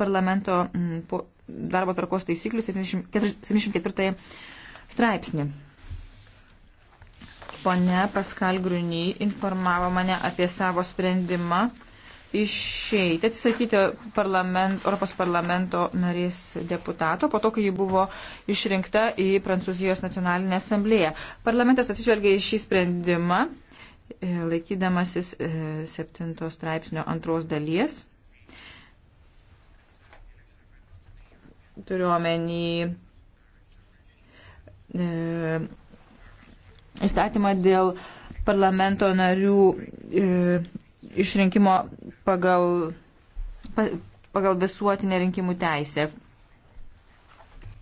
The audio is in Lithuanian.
parlamento mm, darbo tvarkos taisyklių 74 straipsnį. Pone Paskal Grunį informavo mane apie savo sprendimą išeiti, atsisakyti parlament, Europos parlamento narės deputato, po to, kai ji buvo išrinkta į Prancūzijos nacionalinę asamblėją. Parlamentas atsižvelgia į šį sprendimą, e, laikydamasis e, septintos straipsnio antros dalies turiuomenį e, įstatymą dėl parlamento narių e, išrinkimo pagal, pa, pagal visuotinę rinkimų teisę,